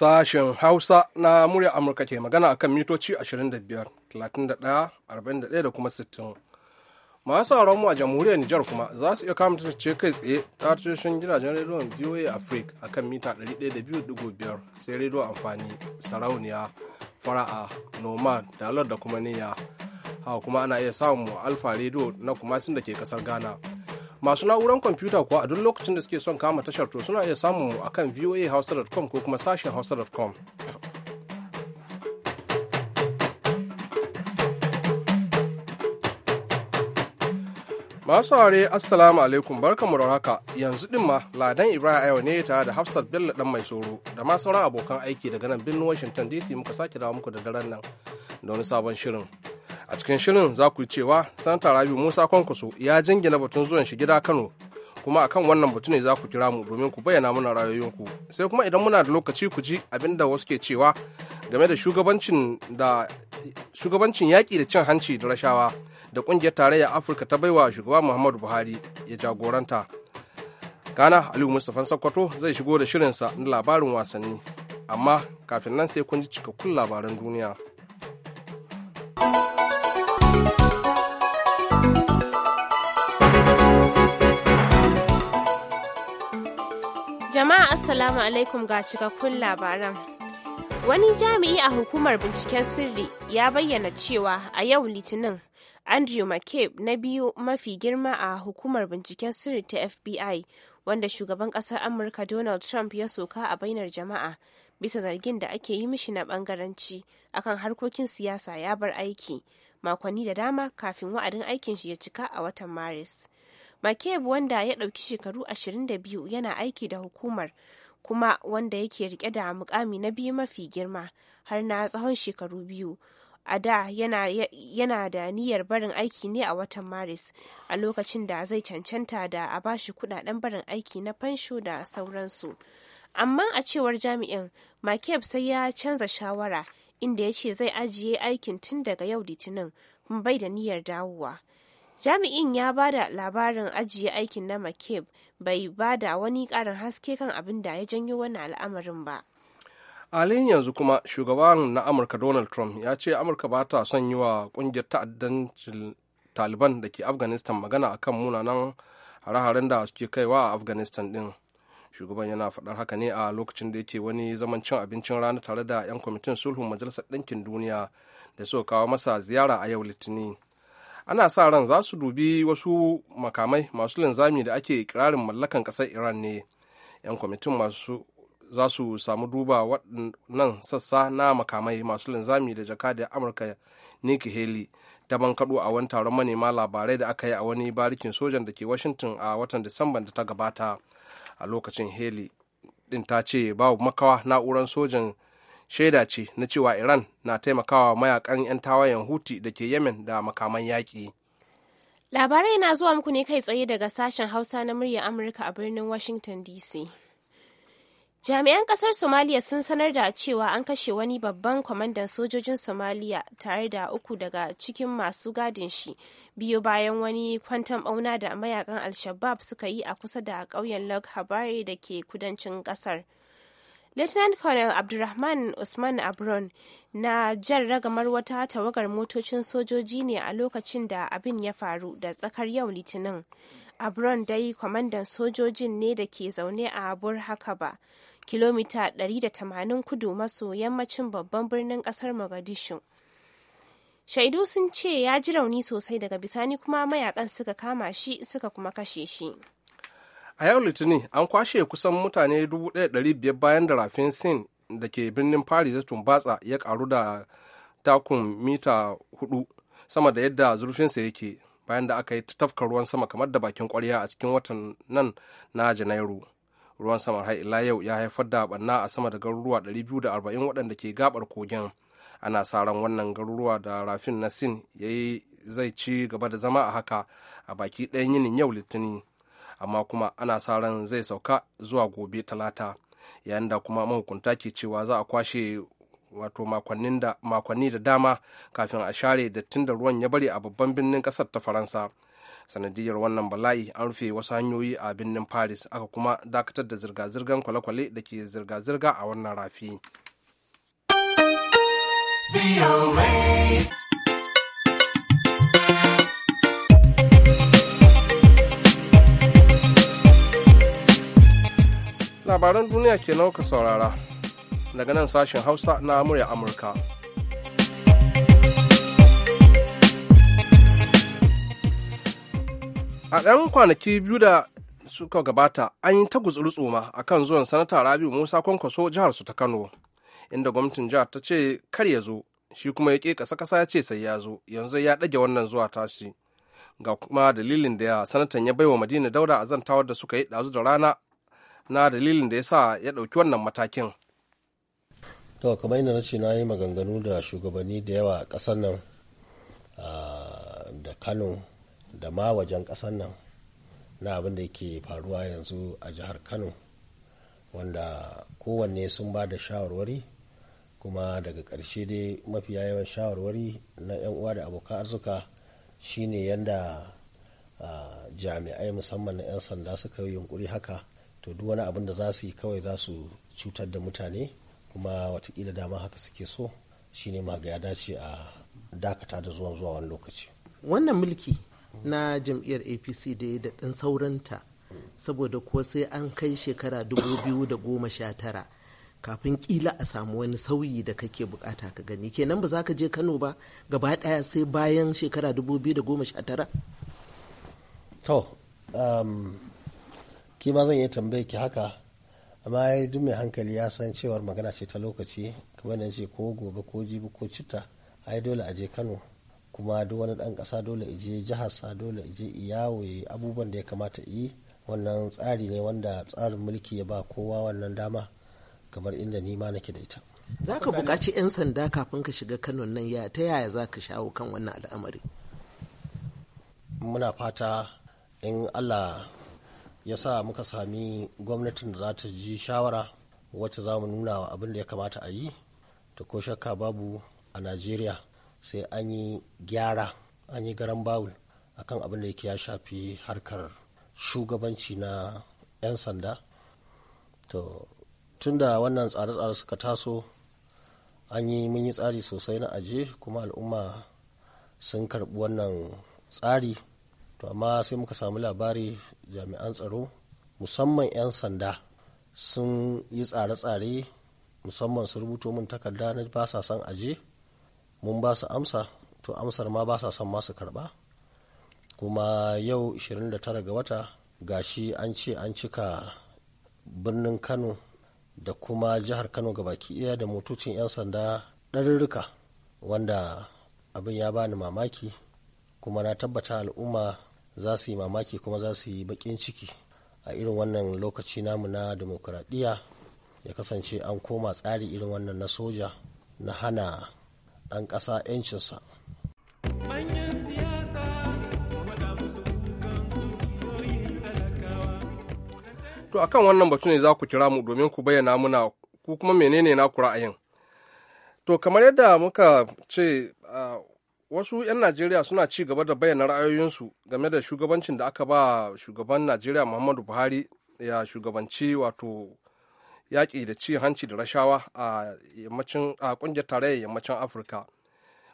Sashen Hausa na murya Amurka ke magana a kan mitoci 25, 31, da kuma 60. Masu mu a jamhuriyar Nijar kuma za su iya kama ce kai tsaye ta tashoshin gidajen rediyon VOA Africa a kan mita 102.5 sai rediyo amfani, sarauniya, fara'a, nomad, dalar da kuma niyya. Hawa kuma ana iya samun alfa rediyo na kuma sun da ke kasar Ghana. masu na'urar kwamfuta kuwa a duk lokacin da suke son kama tashar to suna iya samun mu akan voahausa.com ko kuma sashen hausa.com masu saurare assalamu alaikum barkanmu da haka yanzu din ma ladan ibrahim ayo ne tare da hafsat bello dan mai tsoro da ma sauran abokan aiki daga nan birnin washington dc muka sake dawo muku da daren nan da wani sabon shirin a cikin shirin za ku cewa sanata rabi musa kwankwaso ya jingina batun zuwan shi gida kano kuma akan wannan batu ne za ku kira mu domin ku bayyana mana rayoyinku sai kuma idan muna da lokaci ku ji abin da wasu ke cewa game da shugabancin da shugabancin yaƙi da cin hanci da rashawa da ƙungiyar tarayya afirka ta baiwa shugaba muhammadu buhari ya jagoranta kana aliyu mustapha sokoto zai shigo da shirinsa na labarin wasanni amma kafin nan sai kun ji cikakkun labaran duniya. Assalamu alaikum ga cikakkun labaran. Wani jami'i a hukumar binciken sirri ya bayyana cewa a yau Litinin Andrew McCabe na biyu mafi girma a hukumar binciken sirri ta FBI wanda shugaban kasar Amurka Donald Trump ya soka a bainar jama'a bisa zargin da ake yi mishi na bangaranci akan harkokin siyasa ya bar aiki makonni da dama kafin wa'adin aikin shi ya cika a watan Maris. McCabe wanda ya ɗauki shekaru 22 yana aiki da hukumar kuma wanda yake rike da mukami na biyu mafi girma har na tsawon shekaru biyu a da yana, da niyyar barin aiki ne a watan maris a lokacin da zai cancanta da a bashi kudaden barin aiki na fansho da sauransu amma a cewar jami'in makeb sai ya canza shawara inda ya ce zai ajiye aikin tun daga yau litinin bai da niyyar dawowa jami'in ya ba da labarin ajiye aikin na mccabe bai ba da wani karin haske kan abin da ya janyo wani al'amarin ba halin yanzu kuma shugaban na amurka donald trump ya ce amurka ba ta son yi wa kungiyar ta'addancin taliban da ke afghanistan magana a kan munanan hare-haren da suke kaiwa a afghanistan din shugaban yana faɗar haka ne a lokacin da yake wani zaman cin abincin rana tare da 'yan kwamitin sulhun majalisar ɗinkin duniya da suka kawo masa ziyara a yau litinin ana sa ran za su dubi wasu makamai masu linzami da ake ikirarin mallakan ƙasar iran ne 'yan kwamitin masu za su samu duba waɗannan sassa na makamai masu linzami da jaka da amurka nikki haley ta bankaɗo a wani taron manema labarai da aka yi a wani barikin sojan da ke washington a watan disamban da ta gabata a lokacin haley ɗin ta ce babu makawa na'urar sojan shaida ce na cewa iran na taimakawa mayakan 'yan tawayen huti da ke yemen da makaman yaƙi labarai na zuwa muku ne kai tsaye daga sashen hausa na muryar amurka a birnin washington dc jami'an kasar somalia sun sanar da cewa an kashe wani babban kwamandan sojojin somalia tare da uku daga cikin masu gadin shi biyu bayan wani kwantan bauna da mayakan al-shabab suka yi a kusa da ƙauyen log habari da ke kudancin kasar Lieutenant Colonel Abdulrahman Usman Abron na jan ragamar wata tawagar motocin sojoji ne a lokacin da abin ya faru da tsakar yau Litinin. Abron dai kwamandan sojojin ne da ke zaune a hakaba kilomita 180 kudu maso yammacin babban birnin kasar Mogadishu. Shaidu sun ce ya ji rauni sosai daga bisani kuma mayakan suka kama shi suka kuma kashe shi. a yau litinin an kwashe kusan mutane 1,500 bayan da rafin sin da ke birnin paris ya tumbatsa ya karu da takun mita 4 sama da yadda zurfinsa yake bayan da aka yi tafka ruwan sama kamar da bakin kwarya a cikin watan nan na janairu ruwan sama har ila yau ya haifar da banna a sama da garuruwa 240 waɗanda ke gabar kogin ana sa ran wannan garuruwa da rafin na sin ya zai ci gaba da zama a haka a baki ɗayan yinin yau litinin amma kuma ana sa ran zai sauka zuwa gobe talata yayin da kuma mahukunta ke cewa za a kwashe wato makonni da dama kafin a share dattin da ruwan ya bari a babban birnin kasar ta faransa sanadiyar wannan bala'i an rufe wasu hanyoyi a birnin paris aka kuma dakatar da zirga-zirgar kwale-kwale da ke zirga-zirga a wannan rafi. labaran duniya ke nauka saurara daga nan sashen hausa na murya amurka a ɗan kwanaki biyu da suka gabata an yi ta gutsuru tsoma a kan zuwan sanata rabiu musa kwankwaso jihar su ta kano inda gwamnatin jihar ta ce kar ya zo shi kuma ya ke ƙasa ƙasa ya ce sai ya zo yanzu ya ɗage wannan zuwa tashi ga kuma dalilin da sanatan ya baiwa madina daura a zantawar da suka yi ɗazu da rana na dalilin da ya sa ya ɗauki wannan matakin to kamar na ce na yi maganganu da shugabanni da yawa a ƙasar nan da kano da ma wajen ƙasar nan na abin da yake faruwa yanzu a jihar kano wanda kowanne sun ba da shawarwari kuma daga ƙarshe dai mafiya yawan shawarwari na 'yan uwa da abokan arzuka shine yanda jami'ai musamman na 'yan sanda suka yi yunkuri haka to duk wani abin da za su yi kawai za su cutar da mutane kuma watakila dama haka suke so shine ma ga ya dace a dakata da zuwan zuwa wani lokaci wannan mulki na jam'iyyar apc da ya da ɗan sauranta saboda kuwa sai an kai shekara 2019 kafin kila a samu wani sauyi da kake bukata ka gani kenan ba za ka je kano ba gaba daya sai bayan shekara 2019 to um, ki ba zan iya tambaye ki haka amma duk mai hankali ya san cewar magana ce ta lokaci kamar da ce ko gobe ko jibi ko citta ai dole a je kano kuma duk wani dan kasa dole a jihar jiharsa dole a je iyawo abubuwan da ya kamata yi wannan tsari ne wanda tsarin mulki ya ba kowa wannan dama kamar inda ni ma nake da ita za ka buƙaci 'yan sanda kafin ka shiga kano nan ya ta yaya za ka shawo kan wannan al'amari muna fata in allah ya sa muka sami gwamnatin da za ta ji shawara wacce za mu nuna wa abin da ya kamata a yi ta ko shakka babu a najeriya sai an yi gyara an yi garan bawul kan abin da yake ya shafi harkar shugabanci na 'yan sanda to tun da wannan tsare-tsare suka taso an yi mun yi tsari sosai na aje kuma al'umma sun karɓi wannan tsari to amma sai muka samu labari jami'an tsaro musamman 'yan sanda sun yi tsare-tsare musamman su rubuto mun takarda na ba sa son aje mun ba su amsa to amsar ma ba sa son masu karba kuma yau 29 ga wata gashi an ce an cika birnin kano da kuma jihar kano ga baki ɗaya da motocin 'yan sanda ɗarurruka wanda abin ya bani mamaki kuma na tabbata al'umma za su yi mamaki kuma za su yi baƙin ciki a irin wannan lokaci namu na demokuraɗiyya ya kasance an koma tsari irin wannan na soja na hana ɗan ƙasa 'yancinsa. To a kan wannan batu ne za ku kira mu domin ku bayyana muna ku kuma menene na ra'ayin. To kamar yadda muka ce ah, wasu 'yan najeriya suna ci gaba da bayyana ra'ayoyinsu game da shugabancin da aka ba shugaban najeriya muhammadu buhari ya shugabanci wato yaƙi da ci hanci da rashawa a yammacin a ƙungiyar tarayyar yammacin afirka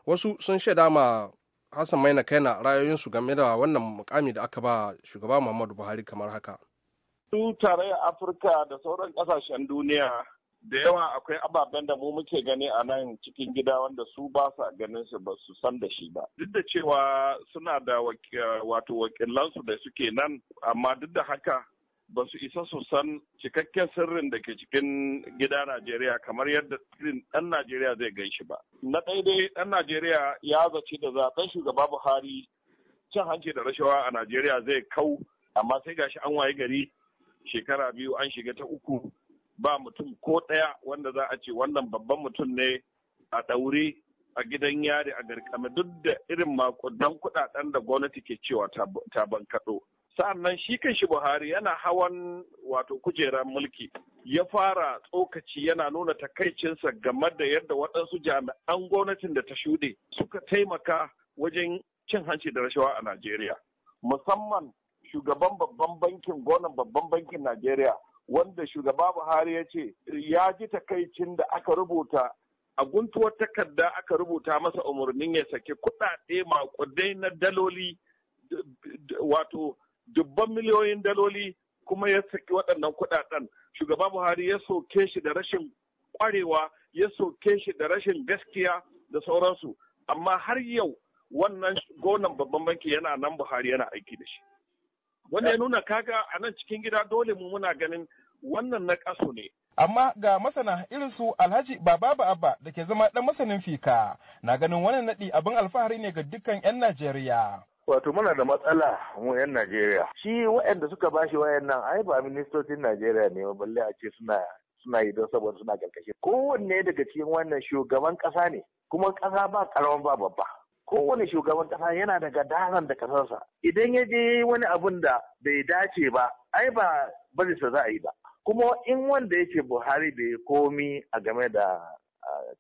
wasu sun shaida ma hassan maina kaina ra'ayoyinsu game da wannan mukami da aka ba shugaba muhammadu buhari kamar haka su tarayyar afirka da sauran ƙasashen duniya da yawa akwai ababen da mu muke gani a nan cikin gida wanda su ba sa ganin su ba su san da shi ba duk da cewa suna da wato wakilansu da suke nan amma duk da haka ba su isa su san cikakken sirrin da ke cikin gida Najeriya kamar yadda sirrin ɗan Najeriya zai gan shi ba. Na daidai, dai ɗan Najeriya ya zaci da zaben shugaba Buhari cin hanci da rashawa a Najeriya zai kau amma sai gashi an waye gari shekara biyu an shiga ta uku ba mutum ko ɗaya wanda za a ce wannan babban mutum ne a ɗaure a gidan yari a garkame duk da irin makudan kuɗaɗen da gwamnati ke cewa ta bankaɗo. sa'annan shi kan shi buhari yana hawan wato kujerar mulki ya fara tsokaci yana nuna takaicinsa game da yadda waɗansu jami'an gwamnatin da ta shuɗe suka taimaka wajen cin hanci da rashawa a najeriya musamman shugaban babban bankin gwamnan babban bankin najeriya wanda shugaba Buhari ya ce ya ji takaicin da aka rubuta a guntuwar takarda aka rubuta masa umarnin ya saki kudade makudai na daloli wato dubban miliyoyin daloli kuma ya saki waɗannan kudaden. shugaba buhari ya soke shi da rashin ƙwarewa ya soke shi da rashin gaskiya da sauransu amma har yau wannan gonan babban banki yana nan buhari yana aiki da shi wanda ya nuna kaga a nan cikin gida dole mu muna ganin wannan na kaso ne amma ga masana irin su alhaji baba abba da ke zama ɗan masanin fika na ganin wannan naɗi abin alfahari ne ga dukkan 'yan najeriya Wato muna da matsala mu 'yan Najeriya. Shi waɗanda suka bashi wayan nan ai ba ministocin Najeriya ne balle a ce suna suna yi don saboda suna karkashin. Kowanne daga cikin wannan shugaban ƙasa ne kuma ƙasa ba ƙaramin ba babba. kowane shugaban kasa yana daga gadaran da kasarsa idan ya je wani abun da bai dace ba ai ba barisa za a yi ba kuma in wanda yake buhari bai komi a game da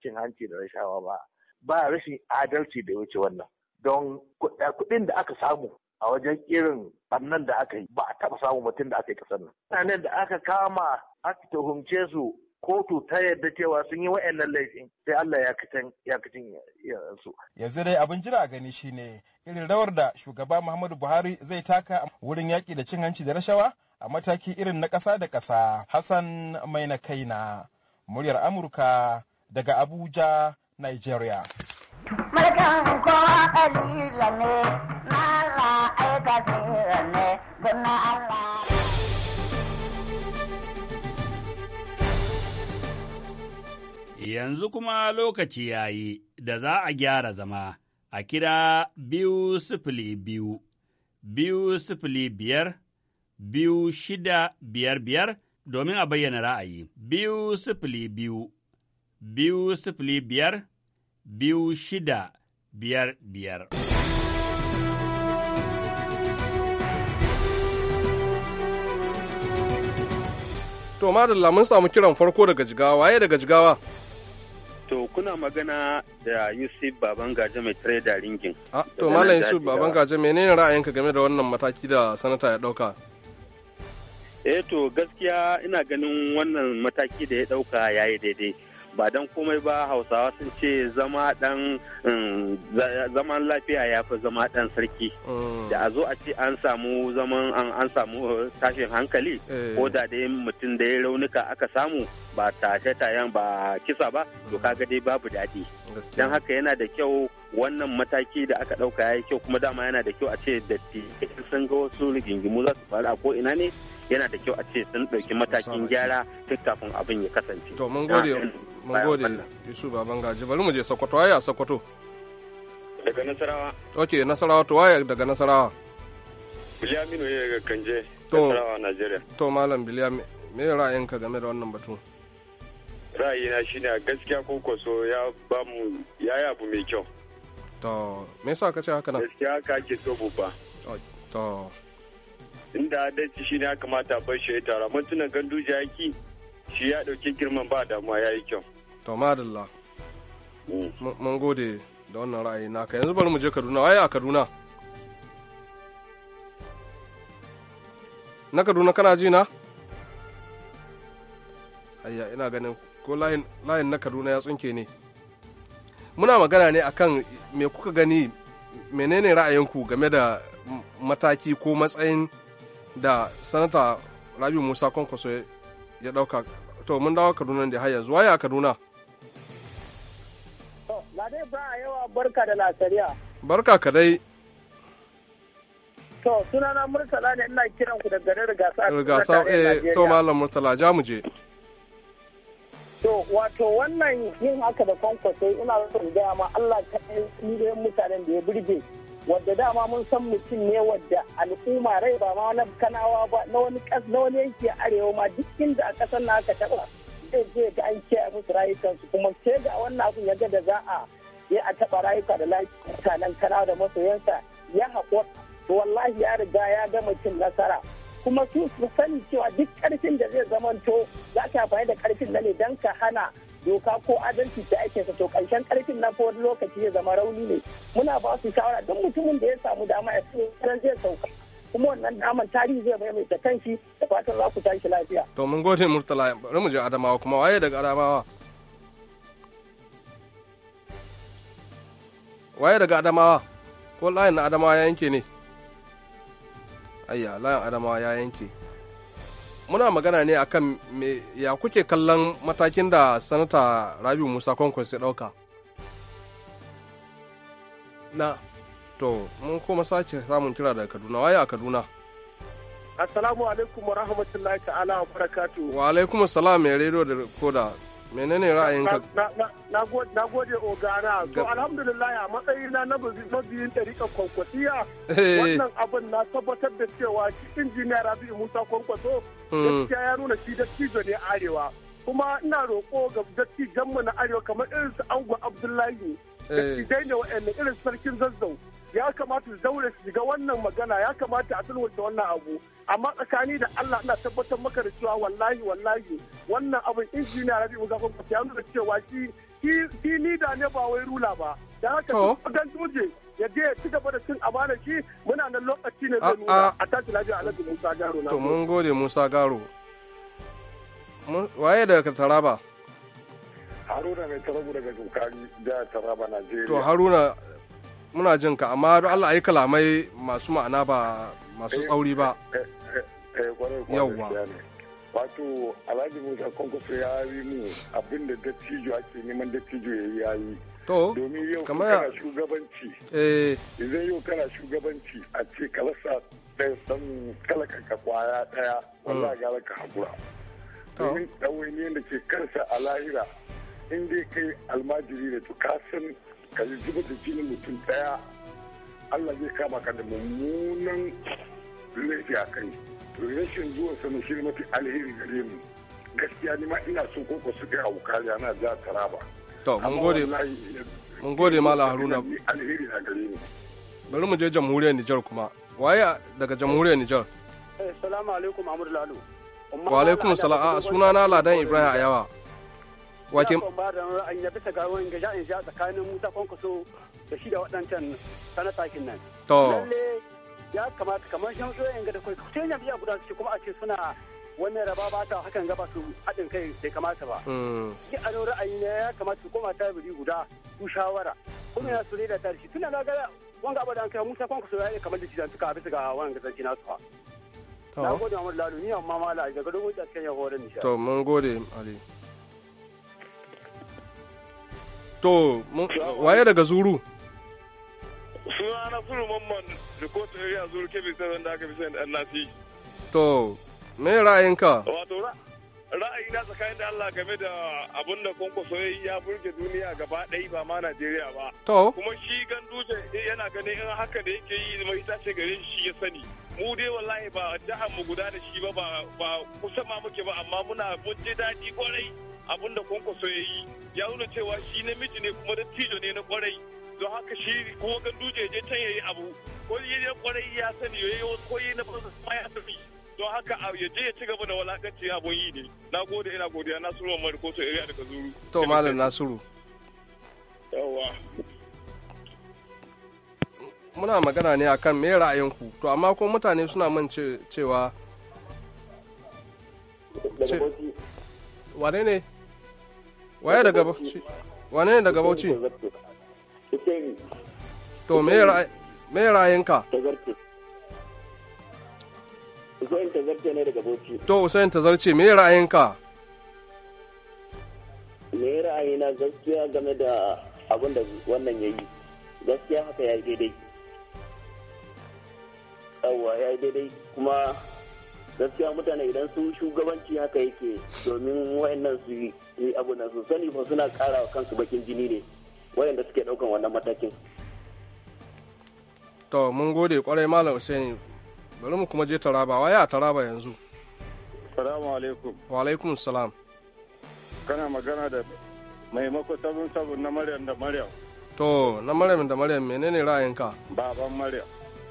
cin hanci da rashawa ba ba rashin adalci da wuce wannan don kuɗin da aka samu a wajen irin bannan da aka yi ba a taɓa samu mutum da aka yi kasar nan mutanen da aka kama aka tuhumce su kotu ta yadda cewa sun yi wa'annan laifin sai Allah ya kitan ya kitan su. Yanzu dai abin jira gani shine irin rawar da shugaba Muhammadu Buhari zai taka wurin yaƙi da cin hanci da rashawa a mataki irin na ƙasa da ƙasa. Hassan mai Maina Kaina, muryar Amurka daga Abuja, Nigeria. Mulkin ko ne, na ne, don Allah. Yanzu kuma lokaci ya yi da za a gyara zama a kira biyu sifili biyu, biyu sifili biyar, biyu shida biyar biyar domin a bayyana ra'ayi. Biyu sifili biyu, biyu sifili biyar, biyu shida biyar biyar. To madalla mun samu kiran farko daga jigawa, waye daga jigawa? To kuna magana da Yusuf Baban Gaje mai ah, da ringin. to Malam Yusuf Baban Gaje menene ra'ayinka game da wannan mataki da sanata ya dauka? Eh to gaskiya ina ganin wannan mataki da ya dauka yayi daidai. ba don komai ba hausawa sun ce zama dan um, zaman lafiya ya fi zama dan sarki oh. da a zo a ce an samu zaman an samu uh, tashin hankali eh. ko da dai mutum da ya raunuka aka samu ba tashe tayan ba kisa ba to mm. kaga dai babu daɗi don haka yana da kyau wannan mataki da aka ɗauka ya yi kyau kuma dama yana da kyau a ce da sun ga wasu rigingimu za su faru a ko ina ne yana da kyau a ce sun ɗauki matakin gyara duk kafin abin ya kasance. To mun gode mun gode Yusuf Babangaji bari mu je Sokoto waye a Sokoto. Daga Nasarawa. Okay Nasarawa to waye daga Nasarawa. Bilyaminu ya ga Kanje. To Nasarawa Najeriya. To Malam Bilyam me ra'ayinka game da wannan batu? Ra'ayina shine gaskiya ko kwaso ya ba mu ya yi abu mai kyau. To me yasa ka ce haka nan? Gaskiya ka ke so babba. To. inda adalci shi ne ya kamata bar shi ya tara mun tunan ganduja yaki shi ya dauki girman ba damuwa yayi kyau to madalla mm. mun gode da wannan ra'ayi naka yanzu bari mu je Kaduna waye a Kaduna na Kaduna kana ji na ayya ina ganin ko layin na Kaduna ya tsunke ne muna magana ne akan me kuka gani menene ra'ayinku game da mataki ko matsayin da sanata rabi musa kwankwaso ya dauka to mun dawo kaduna da har yanzu waye kaduna ba dai ba a yawa barka da lasariya barka ka dai to sunana murtala ne ina kiran ku da garin rigasa rigasa eh to malam murtala ja mu je to wato wannan yin haka da kwankwaso ina so gaya ma Allah ta ɗaya mutanen da ya burge wadda dama mun san mutum ne wadda al'umma rai ba ma na kanawa ba na wani yanki a arewa ma duk inda a kasar na aka taba zai je ga an kiyaye musu rayukansu kuma sai ga wannan ya yaga da za a yi a taɓa rayuka da lafiya mutanen kanawa da masoyansa ya haƙura to wallahi ya riga ya gama cin nasara kuma su su sani cewa duk ƙarfin da zai zamanto za ka amfani da ƙarfin na ne don ka hana doka ko adalci da ake sa to karshen karfin na wani lokaci ya zama rauni ne muna ba su shawara duk mutumin da ya samu dama ya fi tsira zai sauka kuma wannan daman tarihi zai maimaita kanshi da fatan za ku tashi lafiya to mun gode murtala bari mu je adamawa kuma waye daga adamawa waye daga adamawa ko layin na adamawa ya yanke ne ayya layin adamawa ya yanke muna magana ne akan ya kuke kallon matakin da sanata rabi musa kwankwas sai dauka na to mun kuma sake samun kira daga kaduna waye a kaduna assalamu alaikum wa rahmatullahi ta'ala wa barakatu wa alaikum assalam mai rediyo da koda menene ra'ayinka na gode ogana to alhamdulillah a matsayin na na mabiyin ɗariƙar kwankwasiya eh. wannan abin na tabbatar da cewa injiniya rabi musa kwankwaso hmm. gaskiya ya nuna shi dattijo ne arewa kuma ina roƙo ga dattijanmu na arewa kamar irin su ango abdullahi da eh. da waɗanda irin sarkin zazzau ya kamata daure su shiga wannan magana ya kamata a sulhunta wannan abu amma tsakani da Allah ana tabbatar maka da cewa wallahi wallahi wannan abin injiniya Rabi Mugafan ku ya nuna cewa shi shi da ne ba wai rula ba da haka ko dan duje ya je ci gaba da cin amana shi muna nan lokaci ne zai nuna a tashi lafiya Alhaji Musa Garo na to mun gode Musa Garo waye daga Taraba haruna mai tarabu daga jukari jihar taraba najeriya to haruna muna jin ka amma allah ayi kalamai masu ma'ana ba masu eh, tsauri ba yawwa eh, eh, wato alhaji musa kwankwaso ya yi mu abin da dattijo ake neman dattijo ya yi to domin yau kana shugabanci idan yau kana shugabanci a ce kalasa rasa ɗaya san kalakan ka kwaya ɗaya wallah mm. ga ka hakura domin ne da ke karsa a lahira in dai kai almajiri da tuka san ka zuba da jini mutum daya Allah zai kama ka da mummunan laifi a kai to rashin zuwa sanin shi mafi alheri gare mu gaskiya ni ma ina so koko su kai auka ya na za taraba to mun gode mun gode mala haruna alheri na gare ni bari mu je jamhuriyar Nijar kuma waye daga jamhuriyar Nijar Assalamu eh, alaikum Amadu Lalu. Wa alaikum salam a ah, sunana Ladan Ibrahim Ayawa. wace ba da ra'ayi bisa ga wani ga ja'in ja tsakanin Musa Kwankwaso da shi da waɗancan sanatakin nan. To. ya kamata kamar shan tsoron yin gada kai sai jam'iyya guda su kuma a ce suna wannan raba ba ta hakan gaba su haɗin kai da kamata ba. Ki hmm. a ra'ayi ne ya kamata su koma ta biri guda su shawara. Kuma ya su ne da tarihi tuna na ga wanga abu da an kai Musa Kwankwaso ya yi kamar da shi da suka bisa ga wani gazanci nasu ba. To. Na gode wa Lalu ni amma mala daga dogon tsakiyar horon nisha. To mun gode Ali. To, waye daga Zuru? Suna na Zuru Mamman da area Zuru Kebbi da aka fi sayan ɗan nasi. To, me ra'ayinka? Wato ra'ayi na tsakanin da Allah game da abun da kwankwaso ya yi ya burge duniya gaba ɗaya ba ma Najeriya ba. To. Kuma shi gan dutse eh, yana ganin in haka da yake yi mai tace gare shi ya sani. mu dai wallahi ba jihar mu guda da shi ba ba kusa ma muke ba amma muna mun daɗi kwarai abin da kwankwaso ya yi ya nuna cewa shi namiji ne kuma dattijo ne na kwarai don haka shi kuma duje je can ya yi abu ko yi ne kwarai ya sani ya yi ko yi na fasa kuma ya sani don haka a ya je ya ci gaba da walakanci abun yi ne na gode ina godiya nasiru mamman ko so area daga zuru to malam nasiru yawa muna magana ne akan me ra'ayinku to amma ko mutane suna man cewa wane ne waye daga bauchi wane ne daga bauchi to me ra'ayinka Usain Tazarce ka. daga Bauchi. To Usain Tazarce me ka Me ra'ayina gaskiya game da abin da wannan ya yi. Gaskiya haka ya yi daidai. Yawwa ya yi daidai kuma gaskiya mutane idan su shugabanci haka yake domin wayannan su yi abu na su sani ba suna kara wa kansu bakin jini ne wayanda suke daukan wannan matakin to mun gode kwarai malam Hussein bari mu kuma je Taraba waya Taraba yanzu salamu alaikum wa alaikum salam kana magana da mai sabon sabon na Maryam da Maryam to na Maryam da Maryam menene ra'ayinka baban Maryam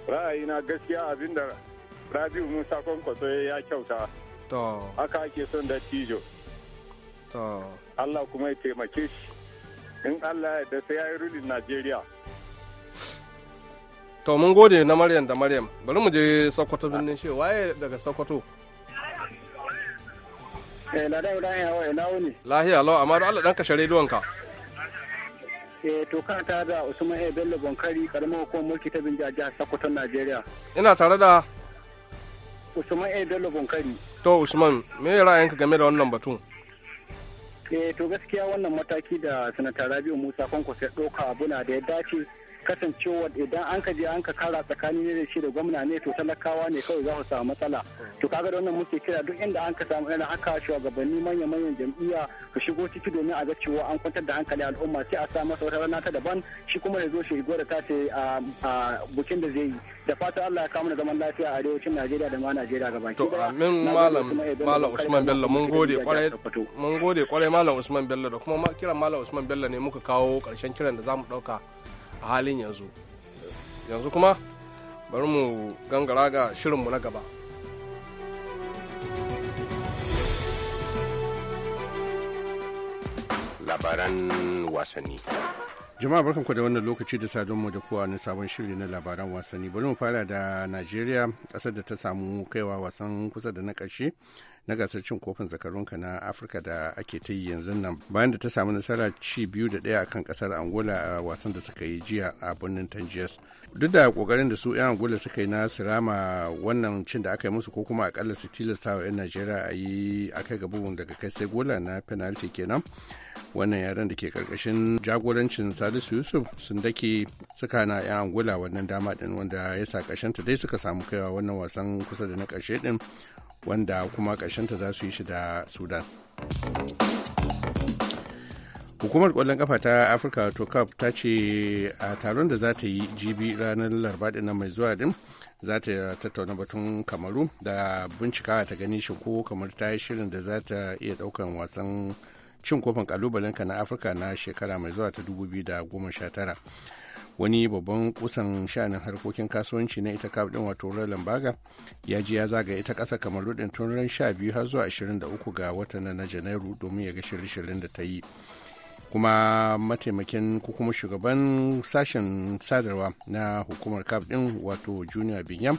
ra'ayina gaskiya abinda Rabiu Musa Kwankwaso ya kyauta. To. Haka ake son dattijo. To. Allah kuma ya taimake shi. In Allah ya da sai ya yi rulin Najeriya. To mun gode na Maryam da Maryam. Bari mu je Sokoto birnin shi waye daga Sokoto. Eh na dawo da yawa ina wuni. Lahiya lawa amma Allah dan ka share duwanka. eh to kana ta da Usman Bello Bonkari karamar hukumar mulki ta Binja jihar Sokoto Najeriya. Ina tare da Usman A. Bello Bunkari. To Usman, me ra'ayinka game da wannan batun? Eh to gaskiya wannan mataki da Sanata Rabi'u Musa Kwankwaso ya ɗauka abu na da ya dace kasancewa idan an ka je an ka kara tsakani ne da shi da gwamna ne to talakawa ne kawai za su samu matsala to kaga da wannan muke kira duk inda an ka samu irin haka shugabanni manya manyan jam'iyya ka shigo ciki domin a ga cewa an kwantar da hankali al'umma sai a samu masa wata rana ta daban shi kuma ya zo shi gwada ta ce a bukin da zai yi da fatan Allah ya kamu da zaman lafiya a arewacin Najeriya da ma Najeriya gaba ki to amin malam malam Usman Bello mun gode kwarai mun gode kwarai malam Usman Bello da kuma kiran malam Usman Bello ne muka kawo karshen kiran da zamu dauka a halin yanzu yanzu kuma bari mu gangara ga shirinmu na gaba labaran wasanni jama'a barkanku da wannan lokaci da sadon mu da kowa na sabon shiri na labaran wasanni bari mu fara da najeriya ƙasar da ta samu kaiwa wasan kusa da na ƙarshe na gasar cin kofin zakarunka na afirka da ake ta yi yanzu nan bayan da ta samu nasara ci biyu da ɗaya akan kasar angola a wasan da suka yi jiya a birnin tangiers duk da kokarin da su 'yan angola suka yi na sirama wannan cin da aka yi musu ko kuma akalla su tilasta wa 'yan najeriya a yi a kai ga bugun daga kai sai gola na penalty kenan wannan yaren da ke karkashin jagorancin salisu yusuf sun dake suka na 'yan angola wannan dama din wanda ya sa ta dai suka samu kaiwa wannan wasan kusa da na karshe din wanda kuma ƙarshenta za su yi shi da sudan hukumar kwallon kafa ta afirka to cup ta ce a taron da za ta yi jibi ranar laraba na mai zuwa din za ta tattauna batun kamaru da bincikawa ta gani shi ko kamar ta yi shirin da za ta iya daukan wasan cin kofin kalubalenka na afirka na shekara mai zuwa ta 2019 wani babban kusan sha'anin harkokin kasuwanci na ita kaf din wato rallan Baga ya ji ya zaga ita kasa kamar rudin tun ran 12 har zuwa 23 ga watan na Janairu domin ya ga shirye-shiryen da ta yi. kuma mataimakin ko kuma shugaban sashen sadarwa na hukumar kaf din wato junior binyam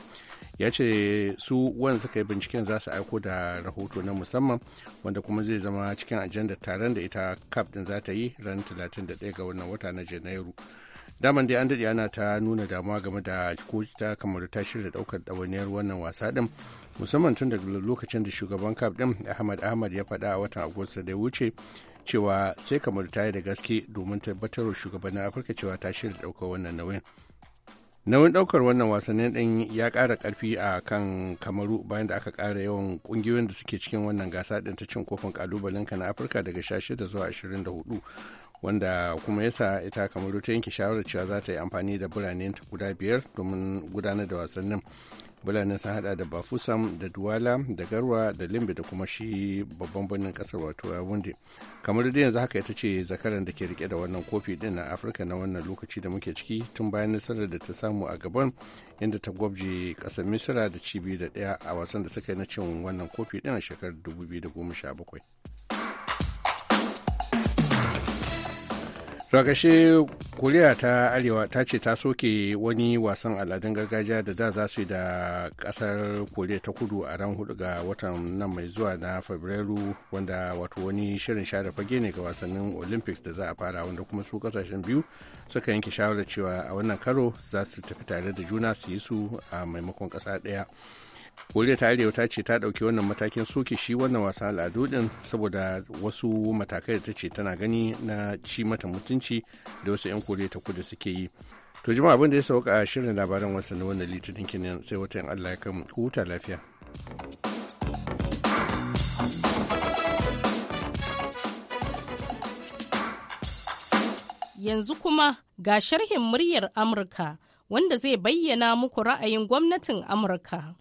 ya ce su wanda suka yi binciken za su aiko da rahoto na musamman wanda kuma zai zama cikin ajandar taron da ita kaf din za ta yi ran 31 ga wannan wata na janairu daman dai an daɗe ana ta nuna damuwa game da ko ta kamar ta shirya ɗaukar ɗawainiyar wannan wasa ɗin musamman tun daga lokacin da shugaban kaf ɗin ahmad ahmad ya faɗa a watan agusta da ya wuce cewa sai kamar ta yi da gaske domin tabbatar shugabannin afirka cewa ta shirya ɗaukar wannan nauyin nauyin daukar wannan wasannin din ya kara karfi a kan kamaru bayan da aka kara yawan kungiyoyin da suke cikin wannan gasa din ta cin kofin kalubalen ka na afirka daga 16 zuwa 24 wanda kuma yasa ita kamaru ta yanke shawarar cewa za ta yi amfani da biranen ta guda biyar domin gudanar da wasannin bulanin sun hada da bafusam da duwala da garwa da limbe da kuma shi babban birnin kasar wato yawunde kamar da yanzu haka ita ce zakaran da ke rike da wannan kofi din na afirka na wannan lokaci da muke ciki tun bayan nasarar da ta samu a gaban inda ta gwabje kasar misira da cibi da daya a wasan da suka yi na cin wannan kofi din a shekarar 2017 to gashe ta arewa ta ce ta soke wani wasan al'adun gargajiya da da za su yi da kasar koriya ta kudu a ran hudu ga watan nan mai zuwa na fabrairu wanda wato wani shirin share fage ne ga wasannin olympics da za a fara wanda kuma su kasashen biyu suka yanke shawarar cewa a wannan karo za su tafi tare da juna su yi su a maimakon kasa ɗaya koriya ta arewa ta ce ta ɗauki wannan matakin soke shi wannan wasa al'adu ɗin saboda wasu matakai da ta ce tana gani na ci mata mutunci da wasu 'yan koriya ta kudu suke yi to jima abin da ya sauka a shirin labaran na wannan litinin kenan sai wata yin allah ya kan huta lafiya yanzu kuma ga sharhin muryar amurka wanda zai bayyana muku ra'ayin gwamnatin amurka.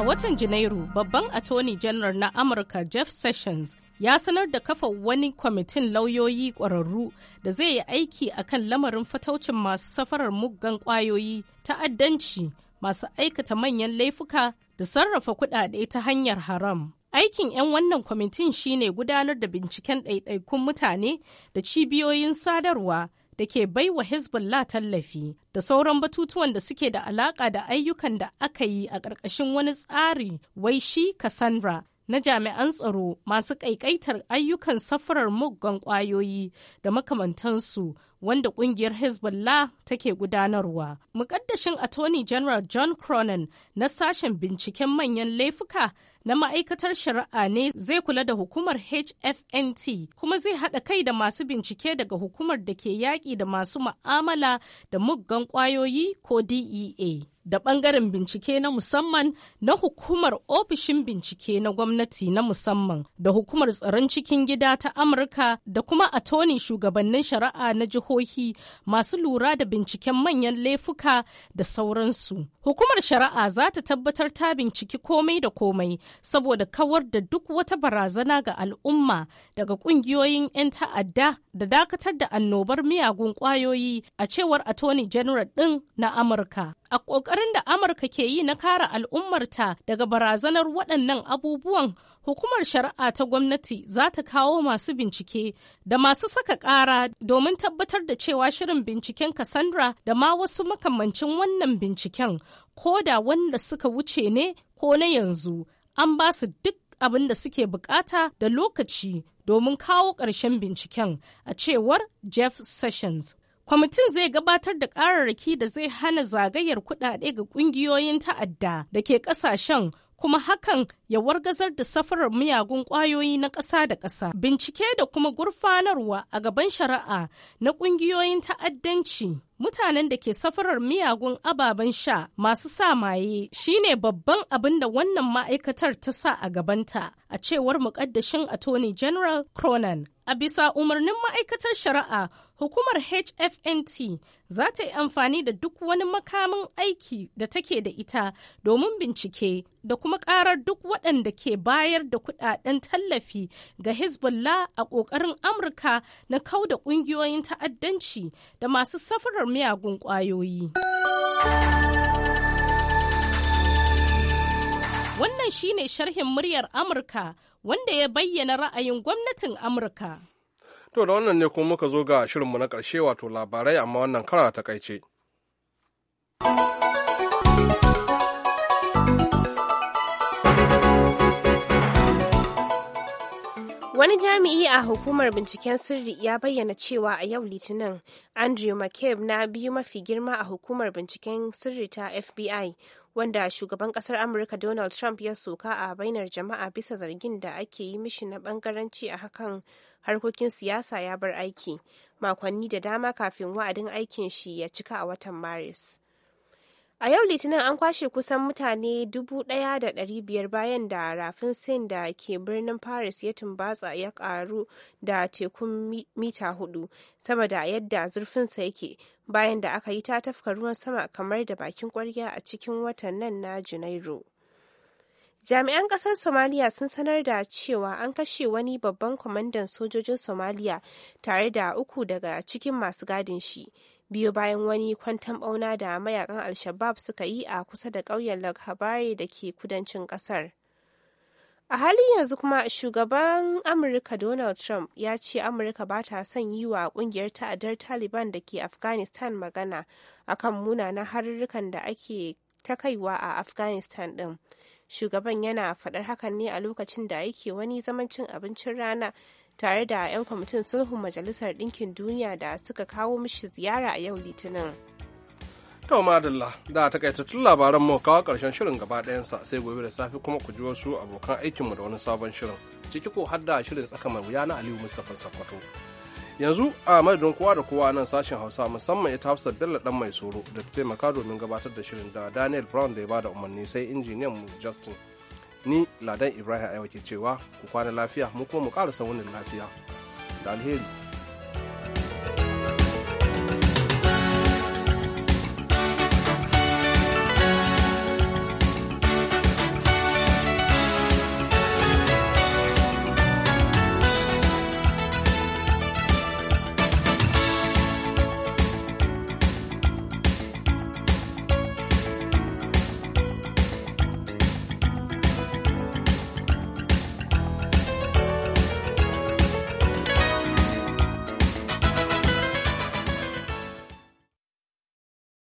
A watan Janairu, babban attorney general na Amurka Jeff Sessions ya sanar da kafa wani kwamitin lauyoyi ƙwararru da zai yi aiki a kan lamarin fataucin masu safarar muggan ƙwayoyi, ta'addanci, masu aikata manyan laifuka da sarrafa kuɗaɗe ta hanyar haram. Aikin 'yan wannan kwamitin shine gudanar da binciken ɗaiɗaikun mutane da cibiyoyin sadarwa da ke bai wa Hezbollah tallafi da sauran batutuwan da suke da alaka da ayyukan da aka yi a ƙarƙashin wani tsari wai shi Cassandra na jami'an tsaro masu ƙaiƙaitar ayyukan safarar muggan ƙwayoyi da makamantansu wanda ƙungiyar Hezbollah take gudanarwa. Muƙaddashin Attorney General John Cronin na sashen binciken manyan laifuka na ma'aikatar shari'a ne zai kula da hukumar HFNT kuma zai haɗa kai da masu bincike daga hukumar da ke yaƙi da masu ma'amala da muggan ƙwayoyi ko DEA. Da ɓangaren bincike na musamman na hukumar ofishin bincike na gwamnati na musamman da hukumar tsaron cikin gida ta Amurka da kuma a toni shugabannin shari'a na jihohi masu lura da binciken manyan laifuka da sauransu. Hukumar shari'a za ta tabbatar ta binciki komai da komai saboda kawar da duk wata barazana ga al'umma daga kungiyoyin 'yan ta'adda da dakatar da annobar miyagun kwayoyi a cewar attorney general ɗin na Amurka. A ƙoƙarin da Amurka ke yi na kare al'ummarta daga barazanar waɗannan abubuwan hukumar shari'a ta gwamnati za ta kawo masu bincike da masu saka ƙara domin tabbatar da cewa shirin binciken Cassandra da ma wasu makamancin wannan binciken ko da wanda suka wuce ne ko na yanzu an ba su duk abin da suke bukata da lokaci domin kawo ƙarshen binciken a cewar Jeff Sessions. Kwamitin zai gabatar da ƙararraki da zai hana zagayar kuɗaɗe ga ƙungiyoyin ta'adda da ke ƙasashen kuma hakan ya wargazar da safarar miyagun ƙwayoyi na ƙasa da ƙasa. Bincike da kuma gurfanarwa a gaban shari'a na ƙungiyoyin ta'addanci mutanen da ke safarar miyagun ababen sha masu sa maye shine babban abin da wannan ma'aikatar ta sa a gabanta a cewar muƙaddashin attorney general cronan a bisa umarnin ma'aikatar shari'a Hukumar HFNT za ta yi amfani da duk wani makamin aiki da take da ita domin bincike da kuma karar duk waɗanda ke bayar da kudaden tallafi ga Hezbollah a ƙoƙarin Amurka na kau da ƙungiyoyin ta'addanci da masu safarar miyagun ƙwayoyi. Wannan shine sharhin muryar Amurka wanda ya bayyana ra'ayin gwamnatin Amurka. To da wannan ne kuma muka zo ga shirinmu na karshe wato labarai amma wannan kara kaice. Wani jami'i a hukumar binciken sirri ya bayyana cewa a yau Litinin Andrew McCabe na biyu mafi girma a hukumar binciken sirri ta FBI wanda shugaban kasar Amurka Donald Trump ya soka a bainar jama'a bisa zargin da ake yi mishi na bangaranci a hakan harkokin siyasa ya bar aiki makonni da dama kafin wa'adin aikin shi ya cika a watan maris a yau litinin an kwashe kusan mutane 1,500 bayan da rafin sin da ke birnin paris ya tumbatsa ya karu da tekun mita hudu sama da yadda zurfinsa yake bayan da aka yi ta tafka ruwan sama kamar da bakin kwarya a cikin watan nan na janairu Jami'an kasar Somaliya sun sanar da cewa an kashe wani babban kwamandan sojojin Somaliya tare da uku daga cikin masu gadin shi, biyu bayan wani kwantan bauna da mayakan al shabaab suka yi a kusa da ƙauyen lagabare da ke kudancin ƙasar. A halin yanzu kuma shugaban Amurka Donald Trump ya ce Amurka ba ta son yi wa kungiyar ta'addar Taliban da ke Afghanistan magana akan munanan harurrukan da ake ta kaiwa a Afghanistan din. shugaban yana faɗar hakan ne a lokacin da yake wani zaman cin abincin rana tare da 'yan kwamitin sulhun majalisar ɗinkin duniya da suka kawo mishi ziyara a yau litinin to madalla da takaitattun labaran mu kawo karshen shirin gaba ɗayansa sai gobe da safe kuma ku ji wasu abokan aikinmu da wani sabon shirin ciki ko har da shirin tsaka mai wuya na aliyu mustapha sakwato yanzu a madadin kowa da kowa nan sashen hausa musamman ita hafsar bello dan mai soro da ta taimaka domin gabatar da shirin da daniel brown da ya bada umarni sai injiniyan mu justin ni ladan ibrahim a ke cewa ku kwana lafiya mu kuma mu karasa wani lafiya da alheri